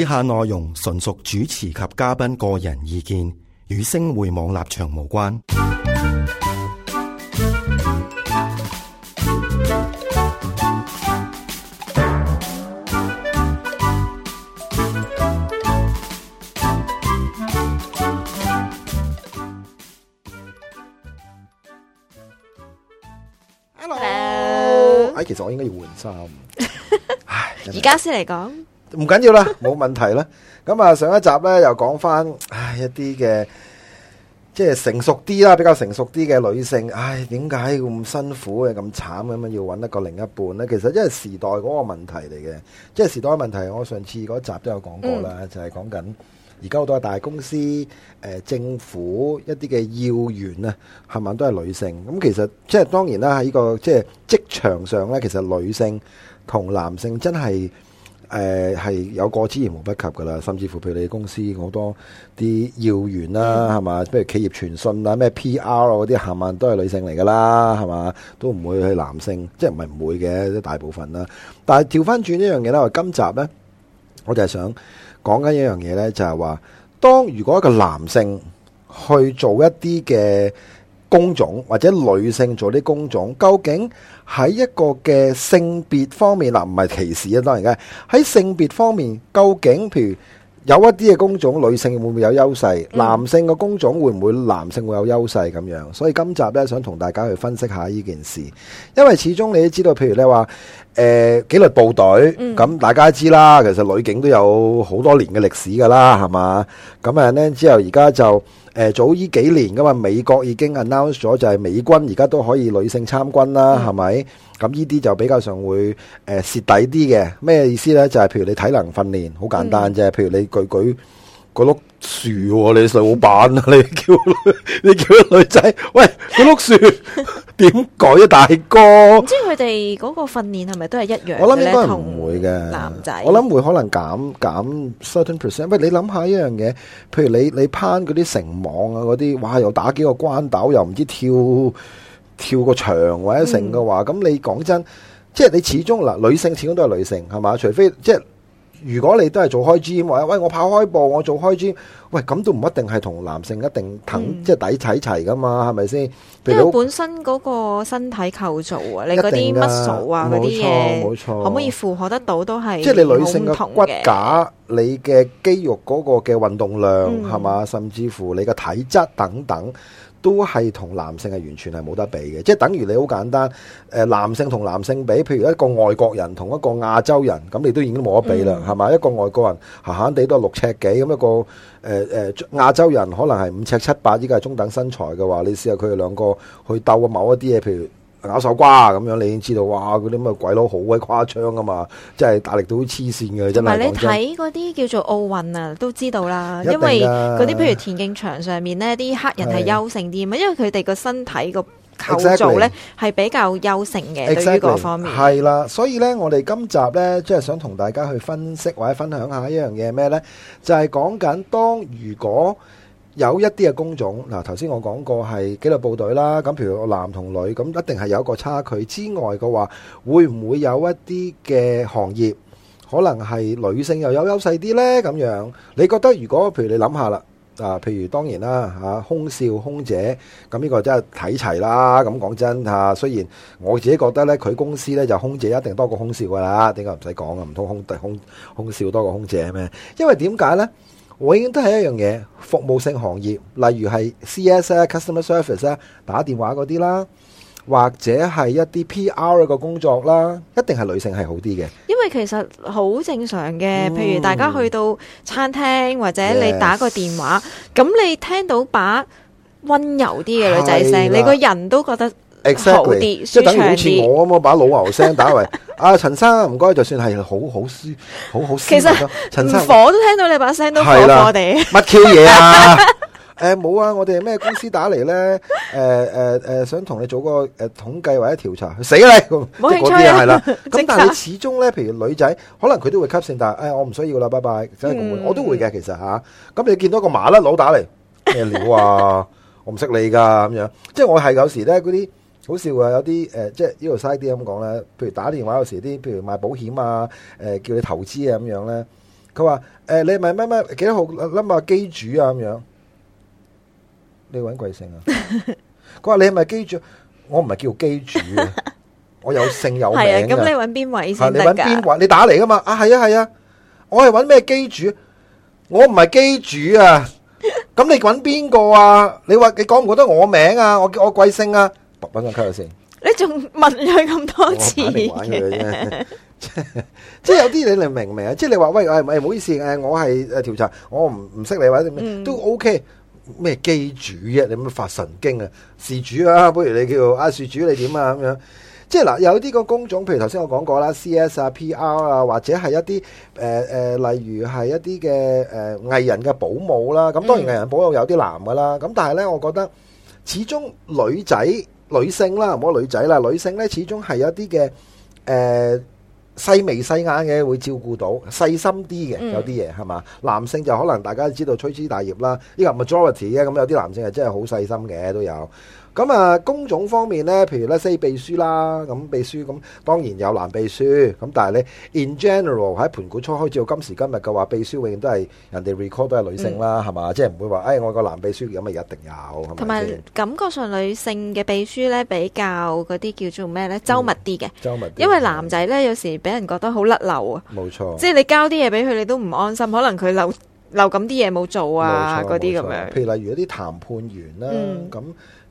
以下內容純屬主持及嘉賓個人意見，與星匯網立場無關。Hello，、uh, 哎、其實我應該要換衫，而家先嚟講。 唔緊要啦，冇問題啦。咁啊，上一集呢又講翻，唉，一啲嘅即係成熟啲啦，比較成熟啲嘅女性，唉，點解咁辛苦嘅，咁慘咁樣要揾一個另一半呢？其實因為時代嗰個問題嚟嘅，即係時代問題。我上次嗰集都有講過啦，就係講緊而家好多大公司誒，政府一啲嘅要員啊，係咪都係女性？咁其實即係當然啦，喺呢個即係職場上呢，其實女性同男性真係。誒，係、呃、有過之而無不及噶啦甚至乎譬如你公司好多啲要員啦，啊，係嘛？譬如企業傳訊啊，咩 PR 啊嗰啲，萬萬都係女性嚟噶啦，係嘛？都唔會去男性，即係唔係唔會嘅，即大部分啦，啊。但係調翻轉呢樣嘢啦，我今集呢，我就係想講緊一樣嘢呢，就係、是、話，當如果一個男性去做一啲嘅工種，或者女性做啲工種，究竟？喺一個嘅性別方面，嗱，唔、啊、係歧視啊，當然嘅喺性別方面，究竟譬如有一啲嘅工種，女性會唔會有優勢？嗯、男性嘅工種會唔會男性會有優勢咁樣？所以今集呢，想同大家去分析下呢件事，因為始終你都知道，譬如你話，誒，紀、呃、律部隊，咁大家知啦。其實女警都有好多年嘅歷史噶啦，係嘛？咁啊，呢之後而家就誒、呃，早依幾年噶嘛，美國已經 announce 咗就係美軍而家都可以女性參軍啦，係咪、嗯？咁呢啲就比較上會誒蝕、呃、底啲嘅。咩意思呢？就係、是、譬如你體能訓練，好簡單啫。譬如你舉舉碌。樹、啊，你細老闆啊，你叫你叫女仔，喂，嗰碌樹點改啊，大哥？唔知佢哋嗰個訓練係咪都係一樣咧？我諗應該唔會嘅男仔，我諗會可能減減 certain percent。不過你諗下一樣嘢，譬如你你攀嗰啲繩網啊，嗰啲哇又打幾個關斗，又唔知跳跳個牆或者成嘅話，咁、嗯、你講真，即係你始終嗱，女性始終都係女性係嘛，除非即係。如果你都係做開 gym，或者喂我跑開步，我做開 gym，喂咁都唔一定係同男性一定等、嗯、即係底踩齊噶嘛，係咪先？譬如因為本身嗰個身體構造啊，你嗰啲乜數啊嗰啲嘢，冇錯，可唔可以符合得到都係即係你女性嘅骨架、你嘅肌肉嗰個嘅運動量係嘛、嗯，甚至乎你嘅體質等等。都係同男性係完全係冇得比嘅，即係等於你好簡單，誒、呃、男性同男性比，譬如一個外國人同一個亞洲人，咁你都已經冇得比啦，係嘛、嗯？一個外國人閒閒地都係六尺幾咁一個誒誒、呃呃、亞洲人，可能係五尺七八，依家係中等身材嘅話，你試下佢哋兩個去鬥個某一啲嘢，譬如。咬手瓜咁樣，你已經知道哇！嗰啲咁嘅鬼佬好鬼誇張㗎嘛，即係大力到黐線嘅，真係。唔係你睇嗰啲叫做奧運啊，都知道啦，因為嗰啲譬如田徑場上面呢，啲黑人係優勝啲啊嘛，因為佢哋個身體個構造呢係比較優勝嘅，對於嗰方面。係啦，所以呢，我哋今集呢即係想同大家去分析或者分享下一樣嘢係咩呢？就係講緊當如果。有一啲嘅工種。嗱，頭先我講過係紀律部隊啦，咁譬如男同女咁，一定係有一個差距之外嘅話，會唔會有一啲嘅行業可能係女性又有優勢啲呢？咁樣你覺得？如果譬如你諗下啦，啊，譬如當然啦，吓空少空姐咁呢個真係睇齊啦。咁講真吓，雖然我自己覺得呢，佢公司呢就空姐一定多過空少噶啦，點解唔使講啊？唔通空空空少多過空姐咩？因為點解呢？我應該都係一樣嘢，服務性行業，例如係 CS 啊、customer service 啊、打電話嗰啲啦，或者係一啲 P R 嘅工作啦，一定係女性係好啲嘅。因為其實好正常嘅，譬如大家去到餐廳或者你打個電話，咁 Yes. 你聽到把溫柔啲嘅女仔聲，的你個人都覺得。exactly 即係等於好似我咁啊，把老牛聲打嚟啊，陳生唔該，就算係好好舒好好舒，其實唔火都聽到你把聲都火我哋乜 Q 嘢啊？誒，冇啊，我哋係咩公司打嚟咧？誒誒誒，想同你做個誒統計或者調查，死啦，咁嗰啲係啦。咁但係你始終咧，譬如女仔可能佢都會吸性，但係誒我唔需要啦，拜拜，真係咁樣，我都會嘅其實吓。咁你見到個麻甩佬打嚟咩料啊？我唔識你噶咁樣，即係我係有時咧嗰啲。好笑啊！有啲誒，即係呢個 side 啲咁講咧。譬如打電話有時啲，譬如賣保險啊，誒，叫你投資啊咁樣咧。佢話誒，你係咪咩咩幾多號 number 機主啊咁樣？你搵貴姓啊？佢話你係咪機主？我唔係叫機主啊，我有姓有名。係啊，咁你搵邊位先得噶？你搵邊位？你打嚟噶嘛？啊，係啊，係啊，我係搵咩機主？我唔係機主啊！咁你搵邊個啊？你話你講唔覺得我名啊？我叫我貴姓啊？先，你仲問佢咁多次嘅， 即係有啲你嚟明唔明啊？即係你話喂，誒唔係唔好意思，誒我係誒調查，我唔唔識你或者咩都 OK，咩機主啊？你咁發神經啊？事主啊，不如你叫阿、啊、事主你點啊？咁樣即係嗱，有啲個工種，譬如頭先我講過啦，C S 啊、P R 啊，或者係一啲誒誒，例如係一啲嘅誒藝人嘅保姆啦。咁當然藝人保姆有啲男噶啦，咁但係咧，我覺得始終女仔。女性啦，唔好女仔啦，女性呢，始終係有啲嘅，誒、呃、細眉細眼嘅會照顧到細心啲嘅，有啲嘢係嘛？嗯、男性就可能大家都知道粗枝大葉啦，呢個 majority 嘅，咁有啲男性係真係好細心嘅都有。咁啊，工種方面呢，譬如咧，say 秘書啦，咁秘書咁，當然有男秘書，咁但係咧，in general 喺盤古初開始到今時今日嘅話，秘書永遠都係人哋 record 都係女性啦，係嘛？即係唔會話誒，我個男秘書咁咪一定有。同埋感覺上女性嘅秘書呢，比較嗰啲叫做咩呢？周密啲嘅。周密啲。因為男仔呢，有時俾人覺得好甩漏啊。冇錯。即係你交啲嘢俾佢，你都唔安心，可能佢漏漏咁啲嘢冇做啊，嗰啲咁樣。譬如例如一啲談判員啦，咁。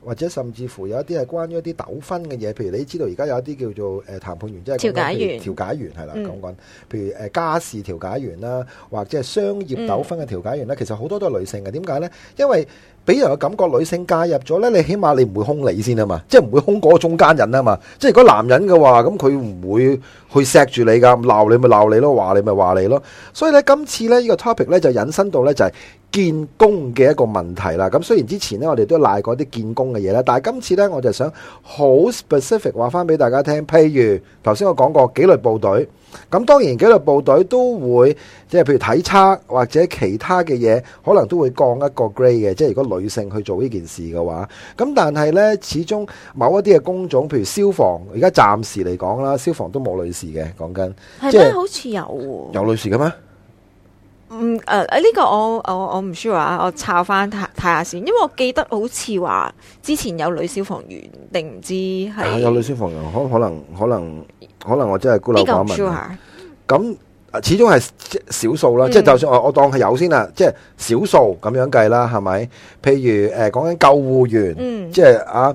或者甚至乎有一啲係關於一啲糾紛嘅嘢，譬如你知道而家有一啲叫做誒談、呃、判員，即、就、係、是、調解員，調解員係啦講緊，譬如誒家事調解員啦，或者係商業糾紛嘅調解員啦，嗯、其實好多都係女性嘅。點解咧？因為俾人嘅感覺，女性加入咗咧，你起碼你唔會兇你先啊嘛，即係唔會兇嗰個中間人啊嘛。即係如果男人嘅話，咁佢唔會去錫住你噶，鬧你咪鬧你咯，話你咪話你咯。所以咧，今次咧呢個 topic 咧就引申到咧就係見工嘅一個問題啦。咁雖然之前咧我哋都賴過啲見工嘅嘢啦，但係今次咧我就想好 specific 話翻俾大家聽。譬如頭先我講過紀律部隊，咁當然紀律部隊都會即係譬如體測或者其他嘅嘢，可能都會降一個 grade 嘅，即係如果女。女性去做呢件事嘅話，咁但係呢，始終某一啲嘅工種，譬如消防，而家暫時嚟講啦，消防都冇女士嘅。講緊係咩？好似有，有女士嘅咩？嗯，誒、啊，呢、啊這個我我我唔 sure 啊，我查翻睇睇下先，因為我記得好似話之前有女消防員，定唔知係、啊、有女消防員，可能可能可能可能我真係孤陋寡聞。咁、啊啊啊，始終係即少數啦，嗯、即係就算我我當係有先啦，即係少數咁樣計啦，係咪？譬如誒講緊救護員，嗯、即係啊。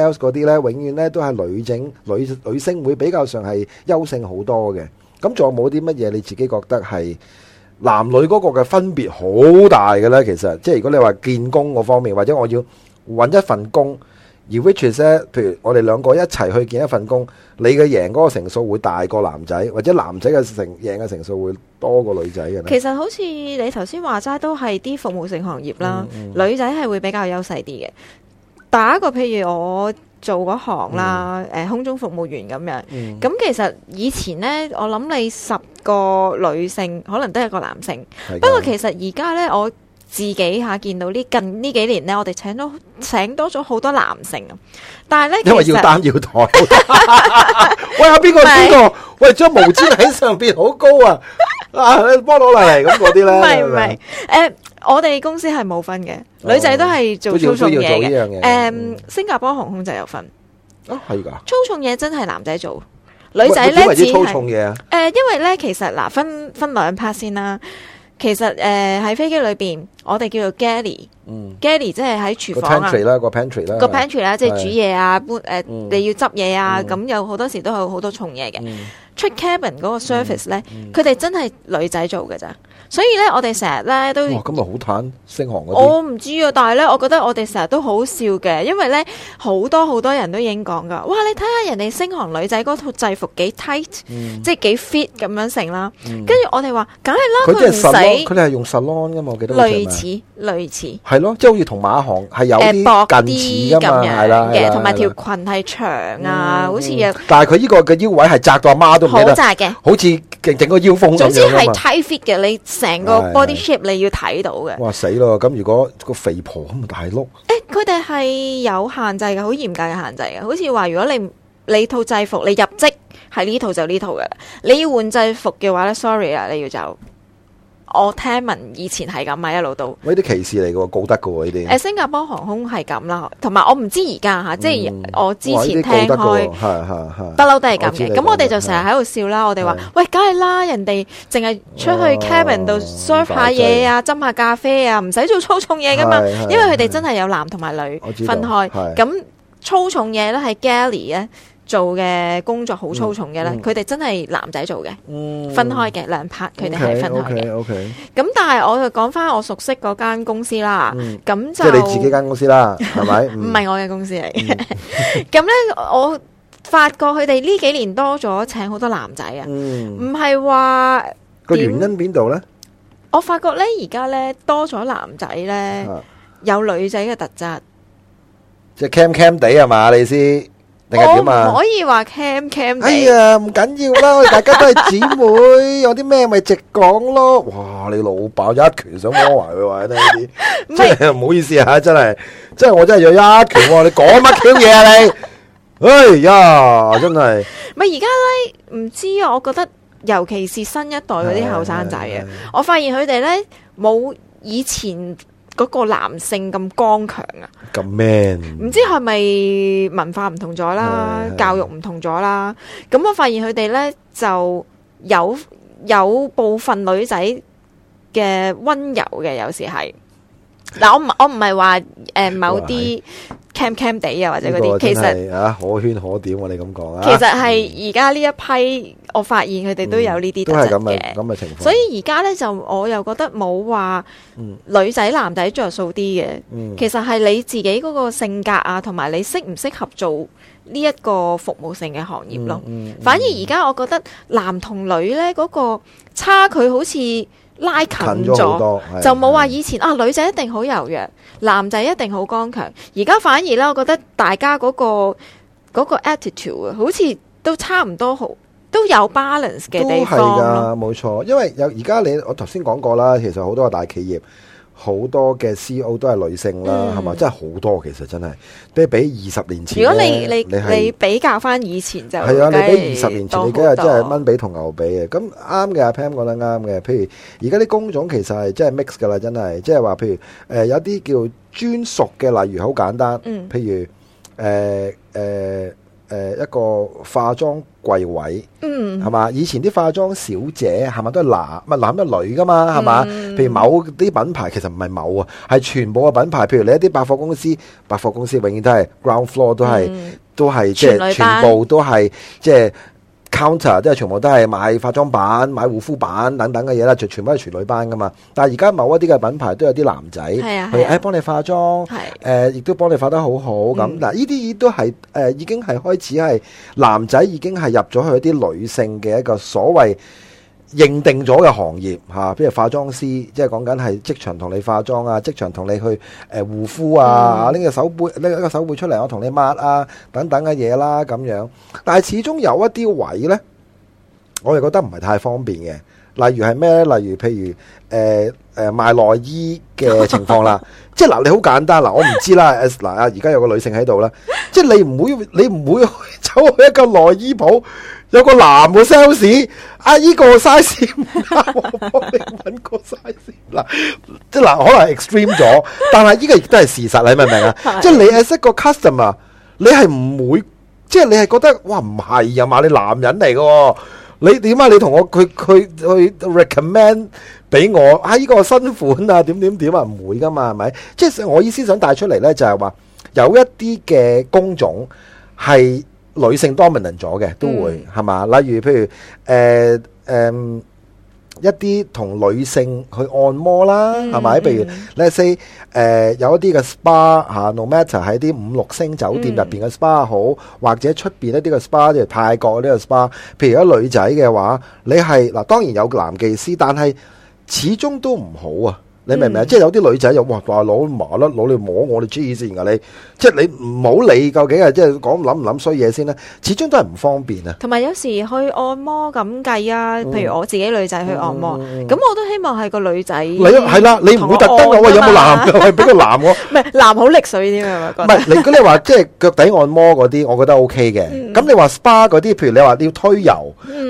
嗰啲咧，永遠咧都係女整女女性會比較上係優勝好多嘅。咁仲有冇啲乜嘢你自己覺得係男女嗰個嘅分別好大嘅咧？其實，即係如果你話見工嗰方面，或者我要搵一份工，而 which is 咧，譬如我哋兩個一齊去見一份工，你嘅贏嗰個成數會大過男仔，或者男仔嘅成贏嘅成數會多過女仔嘅咧。其實好似你頭先話齋都係啲服務性行業啦，女仔係會比較優勢啲嘅。打一個譬如我做嗰行啦，誒空中服務員咁樣,、嗯、樣，咁其實以前咧，我諗你十個女性可能都係一個男性，不過其實而家咧，我自己吓見到呢近呢幾年咧，我哋請咗請多咗好多,多男性啊，但係咧因為要擔要抬， 喂有邊個邊個喂將毛氈喺上邊好高啊，啊幫攞嚟咁嗰啲咧，唔係唔係誒。我哋公司係冇分嘅，女仔都係做粗重嘢嘅。誒，新加坡航空就有分啊，係噶，粗重嘢真係男仔做，女仔咧只係粗重嘢誒，因為咧其實嗱，分分兩 part 先啦。其實誒喺飛機裏邊，我哋叫做 galley，galley 即係喺廚房啦，個 pantry 啦，個 pantry 啦，即係煮嘢啊，誒你要執嘢啊，咁有好多時都有好多重嘢嘅。出 cabin 嗰個 service 咧，佢哋真係女仔做嘅咋。所以咧，我哋成日咧都哇，咁咪好坦星航嗰啲。我唔知啊，但係咧，我覺得我哋成日都好笑嘅，因為咧好多好多人都已經講噶。哇，你睇下人哋星航女仔嗰套制服幾 tight，即係幾 fit 咁樣成啦。跟住我哋話梗係啦，佢唔使佢哋係用 salon 噶嘛，我記得類似類似。係咯，即係、啊、好似同馬航係有啲近似咁樣嘅，同埋、嗯、條裙係長啊，嗯、好似但係佢呢個嘅腰位係窄到阿媽都唔得，好窄嘅，好似。整個腰封總之係 tight fit 嘅，你成個 body shape 你要睇到嘅。哇死咯！咁如果個肥婆咁大碌，誒、欸，佢哋係有限制嘅，好嚴格嘅限制嘅。好似話如果你你套制服，你入職係呢套就呢套嘅啦。你要換制服嘅話咧，sorry 啊，你要走。我聽聞以前係咁啊，一路都。呢啲歧視嚟嘅喎，高得嘅喎呢啲。誒，新加坡航空係咁啦，同埋我唔知而家吓，即係我之前聽開，係係係，不嬲都係咁嘅。咁我哋就成日喺度笑啦，我哋話：喂，梗係啦，人哋淨係出去 cabin 度 serve 下嘢啊，斟下咖啡啊，唔使做粗重嘢嘅嘛。因為佢哋真係有男同埋女分開。咁粗重嘢咧係 galley 嘅。做嘅工作好粗重嘅咧，佢哋真係男仔做嘅，分開嘅兩 part，佢哋係分開嘅。咁但係我就講翻我熟悉嗰間公司啦，咁就即係你自己間公司啦，係咪？唔係我嘅公司嚟嘅。咁咧，我發覺佢哋呢幾年多咗請好多男仔啊，唔係話個原因邊度咧？我發覺咧而家咧多咗男仔咧，有女仔嘅特質，即係 cam cam 地啊嘛，你意思。我唔可以話 cam cam。哎呀，唔緊要啦，大家都係姊妹，有啲咩咪直講咯。哇，你老爆一拳，想摸埋佢話呢啲，即係唔好意思啊，真係，即係我真係用一拳，你講乜嘢啊你？哎呀，真係。咪而家咧，唔知啊，我覺得尤其是新一代嗰啲後生仔啊，我發現佢哋咧冇以前個男性咁剛強啊，咁 A man，唔知係咪文化唔同咗啦，Yeah. 教育唔同咗啦，咁 Yeah. 我發現佢哋咧就有有部分女仔嘅溫柔嘅，有時係。嗱，我唔我唔係話誒某啲 cam cam 地啊或者嗰啲，其實吓、啊、可圈可點，我哋咁講啊。啊其實係而家呢一批，我發現佢哋都有呢啲特質嘅。咁嘅、嗯、情況。所以而家咧就我又覺得冇話女仔男仔着數啲嘅。嗯、其實係你自己嗰個性格啊，同埋你適唔適合做呢一個服務性嘅行業咯、啊。嗯嗯嗯、反而而家我覺得男同女咧嗰、嗰個差距好似。拉近咗，近咗好多，就冇話以前是啊，女仔一定好柔弱，男仔一定好剛強。而家反而呢，我覺得大家嗰、嗰個、嗰個、attitude 好似都差唔多好，好都有 balance 嘅地方咯。冇錯，因為有而家你我頭先講過啦，其實好多大企業。好多嘅 CEO 都係女性啦，係嘛？嗯，真係好多，其實真係，即係比二十年前。如果你你你，是你比較翻以前就係啊，你比二十年前，你而家真係蚊比同牛比嘅。咁啱嘅阿 Pam 講得啱嘅，譬如而家啲工種其實係真係 mix 噶啦，真係，即係話譬如誒、呃、有啲叫專屬嘅，例如好簡單，嗯、譬如誒誒。呃呃誒一個化妝櫃位，嗯，係嘛？以前啲化妝小姐係咪都係男？唔係男都係女噶嘛？係嘛？嗯、譬如某啲品牌其實唔係某啊，係全部嘅品牌。譬如你一啲百貨公司，百貨公司永遠都係 ground floor 都係、嗯、都係即係全部都係即係。即係 counter 即係全部都係買化妝品、買護膚品等等嘅嘢啦，就全部係全女班噶嘛。但係而家某一啲嘅品牌都有啲男仔，係誒幫你化妝，誒、啊呃、亦都幫你化得好好咁。嗱、嗯，呢啲亦都係誒、呃、已經係開始係男仔已經係入咗去一啲女性嘅一個所謂認定咗嘅行業，嚇，譬如化妝師，即係講緊係職場同你化妝啊，職場同你去誒護膚啊，拎個、嗯、手背拎一個手背出嚟，我同你抹啊，等等嘅嘢啦，咁樣。但係始終有一啲位呢，我哋覺得唔係太方便嘅，例如係咩呢？例如譬如誒，呃誒，賣內、呃、衣嘅情況啦， 即係嗱，你好簡單嗱，我唔知啦。嗱、 啊，而家有個女性喺度啦，即係你唔會，你唔會走去一個內衣鋪，有個男嘅 sales，啊依、這個 size， 啊、我幫你揾個 size。嗱，即係嗱，可能 extreme 咗，但係依個亦都係事實，你明唔明啊？ 即係你 as 一個 customer，你係唔會，即係你係覺得，哇唔係啊嘛，你男人嚟㗎。你點啊？你同我佢佢去，去 recommend 俾我啊！呢個新款啊，點點點啊，唔會噶嘛，係咪？即係我意思想帶出嚟咧，就係話有一啲嘅工種係女性 dominant 咗嘅，都會係嘛、嗯？例如譬如誒誒。呃呃一啲同女性去按摩啦，係咪、嗯？譬如、嗯、let's say，誒、呃、有一啲嘅 SPA 嚇、啊、no matter 喺啲五六星酒店入邊嘅 SPA 好，嗯、或者出邊一啲嘅 SPA，譬如泰國呢個 SPA，譬如一女仔嘅話，你係嗱當然有男技師，但係始終都唔好啊。你明唔明啊？即係有啲女仔又話話攞麻甩佬嚟摸我哋黐線㗎你！即係你唔好理究竟係，即係講諗唔諗衰嘢先啦，始終都係唔方便啊！同埋有時去按摩咁計啊，譬如我自己女仔去按摩，咁我都希望係個女仔。你係啦，你唔會特登我喂，有冇男嘅，俾個男我。唔係男好力水啲咩？唔係，如果你話即係腳底按摩嗰啲，我覺得 OK 嘅。咁你話 SPA 嗰啲，譬如你話要推油，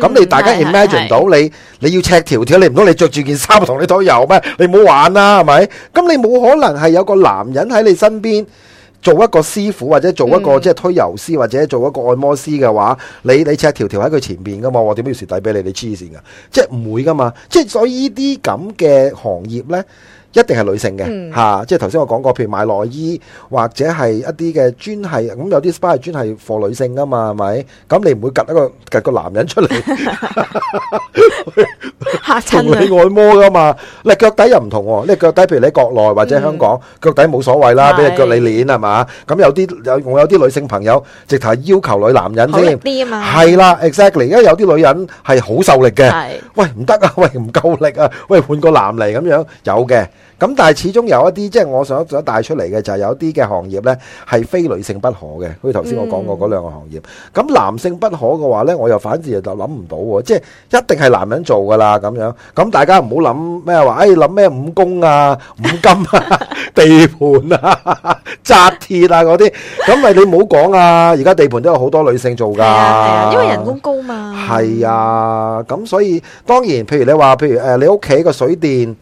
咁你大家 imagine 到你，你要赤條條唔通，你著住件衫同你推油咩？你唔好話。啦，係咪？咁你冇可能係有個男人喺你身邊做一個師傅，或者做一個即係推油師，或者做一個按摩師嘅話，你你赤條條喺佢前面噶嘛？我點解要蝕底俾你？你黐線噶，即係唔會噶嘛？即係所以呢啲咁嘅行業呢。 一定係女性嘅嚇，即係頭先我講過，譬如買內衣或者係一啲嘅專係咁有啲 SPA 專係貨女性噶嘛，係咪？咁你唔會夾一個夾個男人出嚟吓親啊！同你按摩噶嘛？你腳底又唔同喎，你腳底譬如你喺國內或者香港，腳底冇所謂啦，俾隻腳你碾係嘛？咁有啲有我有啲女性朋友直頭係要求女男人啲啊嘛，係啦，exactly，因為有啲女人係好受力嘅，喂唔得啊，喂唔夠力啊，喂換個男嚟咁樣有嘅。咁但係始終有一啲即係我想想帶出嚟嘅就係有啲嘅行業呢係非女性不可嘅，好似頭先我講過嗰兩個行業。咁男性不可嘅話呢，我又反而就諗唔到喎，即係一定係男人做噶啦咁樣。咁大家唔好諗咩話，誒諗咩五工啊，五金啊，地盤啊，紮鐵啊嗰啲。咁咪你唔好講啊！而家地盤都有好多女性做噶，係啊，因為人工高嘛。係啊，咁所以當然，譬如你話，譬如誒你屋企個水電。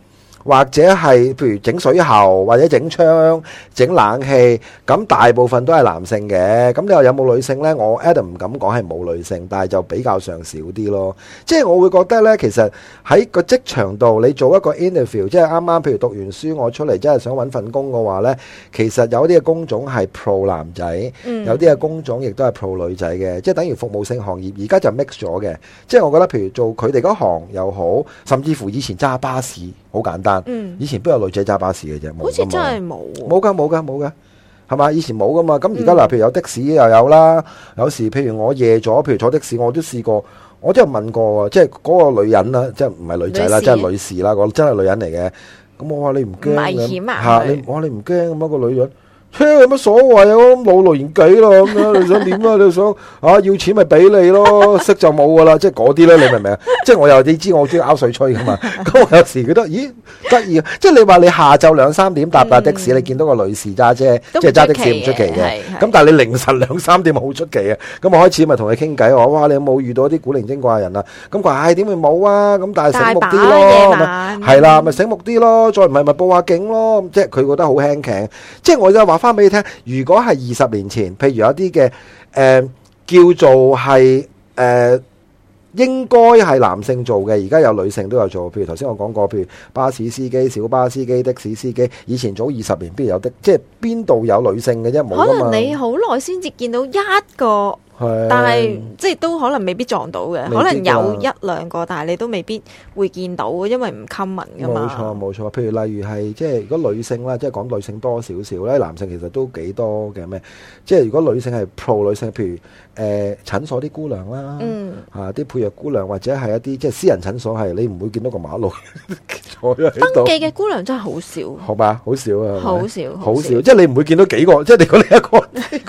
或者係譬如整水喉，或者整窗、整冷氣，咁大部分都係男性嘅。咁你話有冇女性咧？我 Adam 唔敢講係冇女性，但係就比較上少啲咯。即係我會覺得咧，其實喺個職場度，你做一個 interview，即係啱啱譬如讀完書我出嚟，真係想揾份工嘅話咧，其實有啲嘅工種係 pro 男仔，有啲嘅工種亦都係 pro 女仔嘅，即係等於服務性行業。而家就 mix 咗嘅，即係我覺得譬如做佢哋嗰行又好，甚至乎以前揸巴士好簡單。以前邊有女仔揸巴士嘅啫，冇冇，好似真係冇。冇噶，冇噶，冇噶，係嘛？以前冇噶嘛。咁而家嗱，譬如有的士又有啦。有時譬如我夜咗，譬如坐的士，我都試過。我都有問過啊，即係嗰個女人啦，即係唔係女仔啦，即係女士啦，真係女人嚟嘅。咁我話你唔驚，危險吓。我話你唔驚咁一個女人。士有乜所謂啊？咁冇老年紀咯，咁樣你想點啊？你想啊？要錢咪俾你咯，識就冇噶啦。即係嗰啲咧，你明唔明啊？即係我有你知，我中意拗水吹噶嘛。咁我有時覺得咦，得意啊！即係你話你下晝兩三點搭架的士，你見到個女士揸車，即係揸的士唔出奇嘅。咁但係你凌晨兩三點好出奇啊！咁我開始咪同佢傾偈，我話：哇，你有冇遇到啲古靈精怪人啊？咁佢話：唉，點會冇啊？咁但係醒目啲咯，係啦，咪醒目啲咯。再唔係咪報下警咯？即係佢覺得好輕巧。即係我而家話。翻俾你聽，如果係二十年前，譬如有啲嘅，誒、呃、叫做係，誒、呃、應該係男性做嘅，而家有女性都有做。譬如頭先我講過，譬如巴士司機、小巴司機、的士司機，以前早二十年必有的，即係邊度有女性嘅啫？冇可能你好耐先至見到一個。但係即係都可能未必撞到嘅，可能有一兩個，但係你都未必會見到，因為唔 common 噶嘛。冇錯冇錯，譬如例如係即係如果女性啦，即係講女性多少少咧，男性其實都幾多嘅咩？即係如果女性係 pro 女性，譬如誒診所啲姑娘啦，嗯啊啲配藥姑娘或者係一啲即係私人診所，係你唔會見到個馬路登記嘅姑娘真係好少，好嘛？好少啊，好少，好少，即係你唔會見到幾個，即係你覺得一個。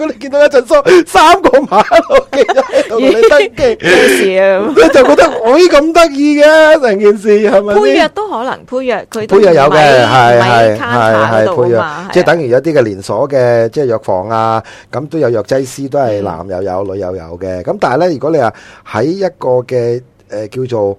你見到一陣三三個馬路記一路同你登記。 你就覺得可咁得意嘅，成件事係咪配藥都可能，配藥佢配藥有嘅，係係係係配藥，即係等於一啲嘅連鎖嘅即係藥房啊，咁都有藥劑師，都係男又有，有、嗯、女又有嘅。咁但係咧，如果你話喺一個嘅誒、呃、叫做，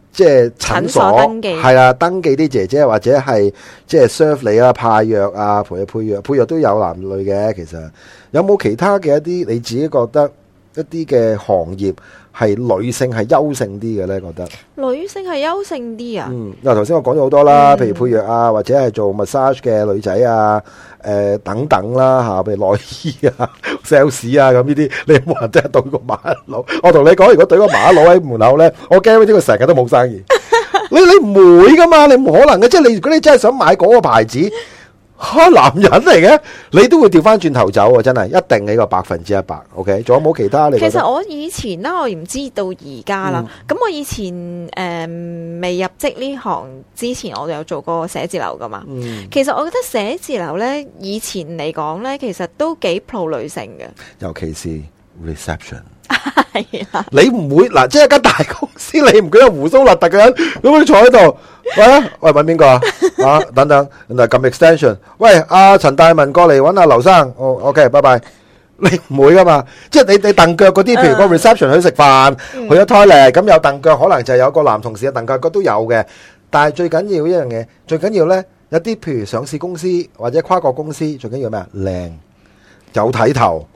即係診所登記，係啦，登記啲姐姐或者係即係 serve 你啊，派藥啊，陪你配藥，配藥都有男女嘅，其實有冇其他嘅一啲你自己覺得一啲嘅行業？係女性係優勝啲嘅咧，覺得女性係優勝啲啊？嗯，嗱，頭先我講咗好多啦，嗯、譬如配藥啊，或者係做 massage 嘅女仔啊，誒、呃、等等啦、啊、吓，譬如內衣啊、sales 啊咁呢啲，你有冇人真係懟個麻甩佬？ 我同你講，如果懟個麻甩佬喺門口咧， 我驚呢個成日都冇生意。 你你唔會噶嘛？你唔可能嘅，即係你如果你真係想買嗰個牌子。吓男人嚟嘅，你都會調翻轉頭走啊！真係一定呢、這個百分之一百，OK？仲有冇其他？你其實我以前啦，我唔知道而家啦。咁、嗯、我以前誒、嗯、未入職呢行之前，我有做過寫字樓噶嘛。嗯、其實我覺得寫字樓呢，以前嚟講呢，其實都幾 pro 女性嘅，尤其是 reception。係啦，你唔會嗱，即係一間大公司，你唔見有鬍鬚邋遢嘅人咁，你坐喺度，喂，喂，搵邊個啊？啊，等等，嗱，撳 extension，喂，阿陳大文過嚟搵阿劉生，哦，OK，拜拜。你唔會噶嘛？即係你你凳腳嗰啲，譬如個 reception 去食飯，去咗 toilet，咁有凳腳，可能就係有個男同事啊，凳腳個都有嘅。但係最緊要一樣嘢，最緊要咧，有啲譬如上市公司或者跨國公司，最緊要咩啊？靚，有睇頭。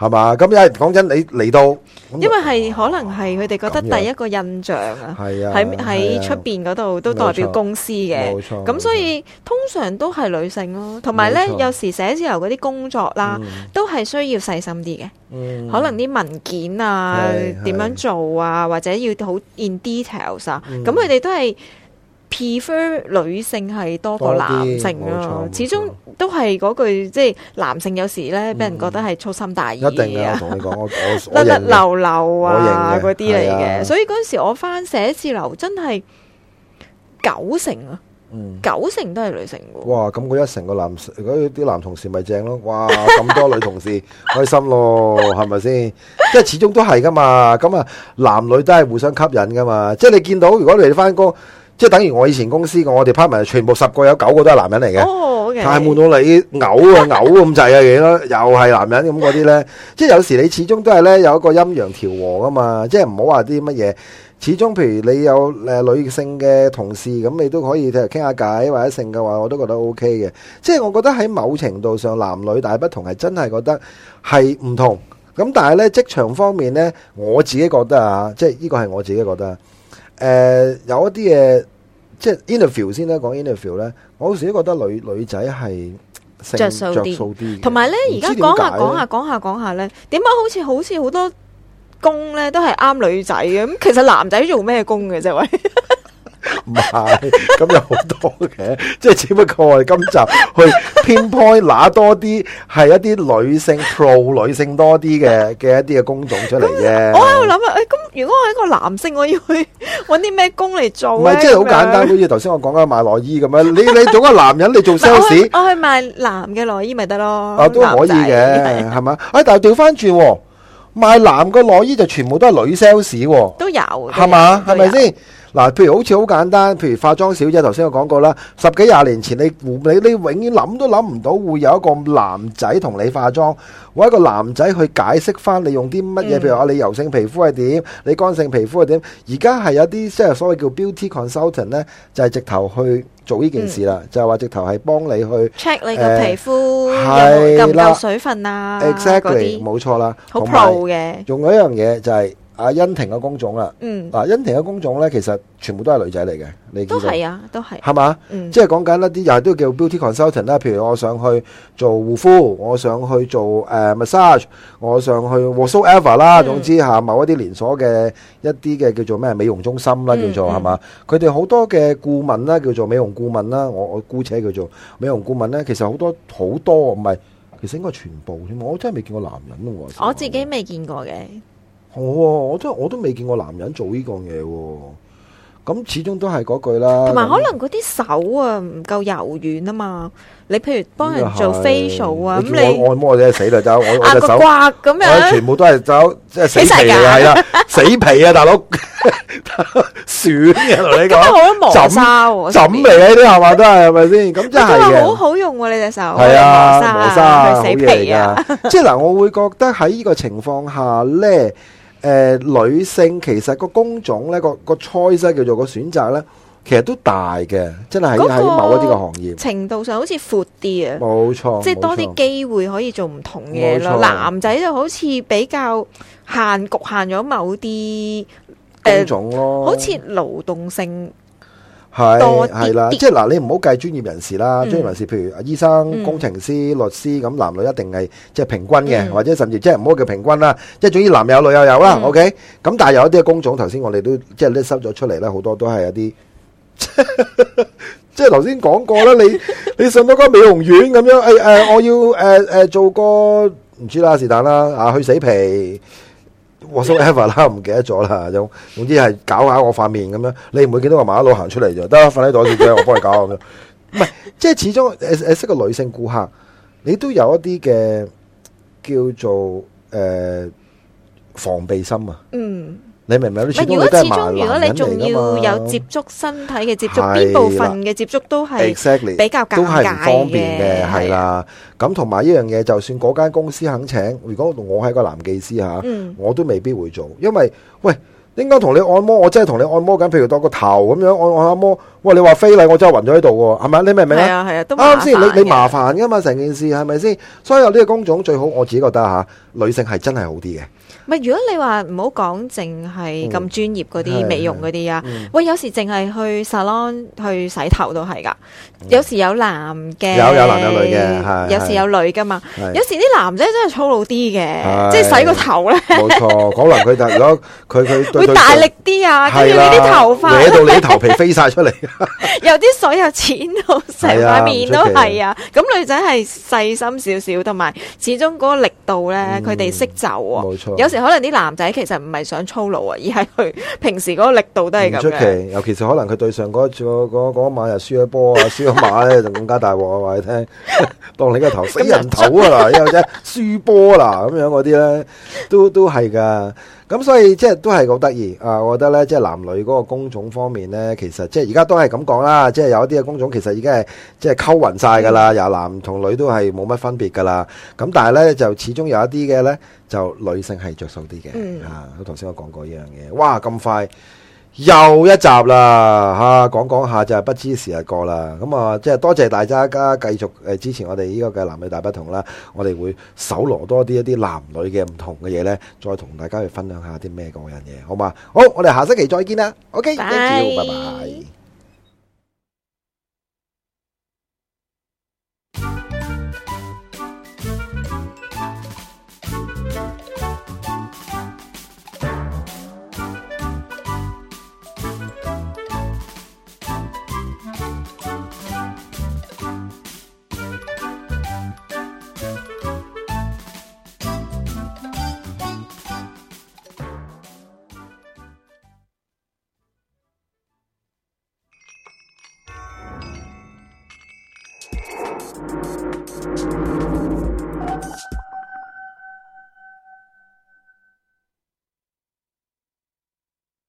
係嘛？咁因為講真，你嚟到，因為係可能係佢哋覺得第一個印象啊，係喺喺出邊嗰度都代表公司嘅。咁所以冇錯，通常都係女性咯，同埋咧有時寫字樓嗰啲工作啦，嗯、都係需要細心啲嘅。嗯、可能啲文件啊，點、嗯、樣做啊，或者要好 in details 啊，咁佢哋都係。prefer 女性係多過男性咯，始終都係嗰句，即係男性有時咧，俾人覺得係粗心大意啊，一定㗎，我同你講，甩甩漏漏啊嗰啲嚟嘅。所以嗰陣時我翻寫字樓真係九成啊，九成都係女性嘅。哇，咁我一成個男，嗰啲男同事咪正咯。哇，咁多女同事開心咯，係咪先？即係始終都係噶嘛。咁啊，男女都係互相吸引噶嘛。即係你見到，如果你哋翻工。即係等於我以前公司我哋 partner 全部十個有九個都係男人嚟嘅，oh, okay. 但係悶到你嘔啊嘔咁滯啊，而家 又係男人咁嗰啲咧，即係有時你始終都係咧，有一個陰陽調和噶嘛，即係唔好話啲乜嘢，始終譬如你有誒女性嘅同事咁，你都可以聽傾下偈或者性嘅話，我都覺得 O K 嘅。即係我覺得喺某程度上男女大不同係真係覺得係唔同，咁但係咧職場方面咧，我自己覺得啊，即係呢個係我自己覺得。誒，有一啲嘢即係 interview 先啦，講 interview 咧，我有時都覺得女女仔係着數啲，同埋咧而家講下講下講下講下咧，點解好似好似好多工咧都係啱女仔嘅？咁其實男仔做咩工嘅啫？喂！唔係，咁有好多嘅，即係只不過我哋今集去 pinpoint 拿多啲係一啲女性 pro 女性多啲嘅嘅一啲嘅 工種出嚟啫。嗯嗯、我喺度諗啊，誒、欸，咁如果我係一個男性，我要去搵啲咩工嚟做？唔係，即係好簡單，好似頭先我講緊賣內衣咁樣。你你做個男人你做 sales， 我去賣男嘅內衣咪得咯？啊，都可以嘅，係嘛？誒，但係調翻轉，賣男嘅內衣就全部都係女 sales，都有，係嘛？係咪先？有有 嗱，譬如好似好簡單，譬如化妝小姐，頭先我講過啦。十幾廿年前你，你你你永遠諗都諗唔到會有一個男仔同你化妝，搵一個男仔去解釋返你用啲乜嘢，嗯、譬如話你油性皮膚係點，你乾性皮膚係點。而家係有啲即係所謂叫 beauty consultant 咧，就係直頭去做呢件事啦，嗯、就係話直頭係幫你去 check 你個皮膚、呃、的有冇夠，夠水分啊 exactly 冇錯啦。好 pro 嘅。用嗰一樣嘢就係、是。啊，欣婷嘅工種啦，嗯，啊，欣婷嘅工種咧，其實全部都係女仔嚟嘅，你都係啊，都係、啊，係嘛吧，嗯、即係講緊一啲又係都叫 Beauty Consultant 啦，譬如我想去做護膚，我想去做誒 massage，我想去 whatever 啦，總、嗯、之嚇某一啲連鎖嘅一啲嘅叫做咩美容中心啦，叫做係嘛，佢哋好多嘅顧問啦，叫做美容顧問啦，我我姑且叫做美容顧問咧，其實好多好多唔係，其實應該全部添，我真係未見過男人喎，我自己未見過嘅。我我都我都未見過男人做呢個嘢喎，咁始終都係嗰句啦。同埋可能嗰啲手啊唔夠柔軟啊嘛，你譬如幫人做 facial 啊，咁你按摩者死啦，走，刮咁樣，全部都係走，即係死皮啊，係啦，死皮啊，大佬損嘅同你講，枕沙枕嚟嘅呢，係嘛，都係係咪先？咁真係嘅好好用你隻手，係啊，磨砂，死皮啊，即係嗱，我會覺得喺呢個情況下咧。誒、呃，女性其實個工種咧，那個個 choice 叫做個選擇咧，其實都大嘅。真係喺喺某一啲嘅行業程度上好似闊啲啊，冇錯錯，即係多啲機會可以做唔同嘢咯。錯男仔就好似比較限局限咗某啲工種咯、啊呃，好似勞動性。係係啦，即係嗱，你唔好計專業人士啦，專業人士譬如啊醫生、工程師、律師，咁男女一定係即係平均嘅，或者甚至即係唔好叫平均啦，即係總之男有女又有啦。OK，咁但係有一啲工種，頭先我哋都即係 list 咗出嚟啦，好多都係一啲，即係頭先講過啦，你你上到個美容院咁樣，誒誒，我要誒誒做個唔知啦，是但啦啊，去死皮。我梳 Eva 啦，唔 Yeah. 記得咗啦，總總之係搞下我塊面咁樣，你唔會見到我麻甩佬行出嚟就，得啦，瞓喺度，我幫你搞咁樣。唔係， 即係始終誒誒識個女性顧客，你都有一啲嘅叫做誒防備心啊。嗯。你明唔明？唔係，如果始終如果你仲要有接觸身體嘅接觸，邊部分嘅接觸都係比較尷尬嘅，係啦。咁同埋一樣嘢，就算嗰間公司肯請，如果我係個男技師吓，我都未必會做，因為喂，應該同你按摩，我真係同你按摩緊，譬如當個頭咁樣，按按按摩。喂，你話非禮，我真係暈咗喺度喎，係咪？你明唔明啊？啊，啱先，你你麻煩噶嘛，成件事係咪先？所以呢個工種最好，我自己覺得吓，女性係真係好啲嘅。唔係，如果你話唔好講，淨係咁專業嗰啲美容嗰啲啊，喂，有時淨係去沙龍去洗頭都係噶，有時有男嘅，有有男有女嘅，有時有女噶嘛，有時啲男仔真係粗魯啲嘅，即係洗個頭咧，冇錯，可能佢特咯，佢佢會大力啲啊，跟住你啲頭髮扯到你啲頭皮飛晒出嚟。 有啲所有錢都成塊面都係啊！咁、啊、女仔係細心少少，同埋始終嗰個力度咧，佢哋識走啊。冇錯錯，有時可能啲男仔其實唔係想粗魯啊，而係佢平時嗰個力度都係咁樣奇。尤其，是可能佢對上嗰晚又輸咗波啊，輸咗馬咧就更加大鑊啊！話 你聽，當你個頭死人頭啊啦，或者輸波啦咁樣嗰啲咧，都都係噶。咁、嗯、所以即係都係好得意啊！我覺得咧，即係男女嗰個工種方面咧，其實即係而家都係咁講啦，即係有一啲嘅工種其實已經係即係溝勻晒噶啦，又、嗯、男同女都係冇乜分別噶啦。咁但係咧，就始終有一啲嘅咧，就女性係着數啲嘅啊！我頭先我講過一樣嘢，哇咁快！又一集啦吓，講、啊、講下就係、是、不知時日過啦。咁、嗯、啊，即係多謝大家家繼續誒支持我哋呢個嘅男女大不同啦、啊。我哋會搜羅多啲一啲男女嘅唔同嘅嘢呢，再同大家去分享下啲咩個人嘢，好嘛？好，我哋下星期再見啦。Bye. OK，拜拜。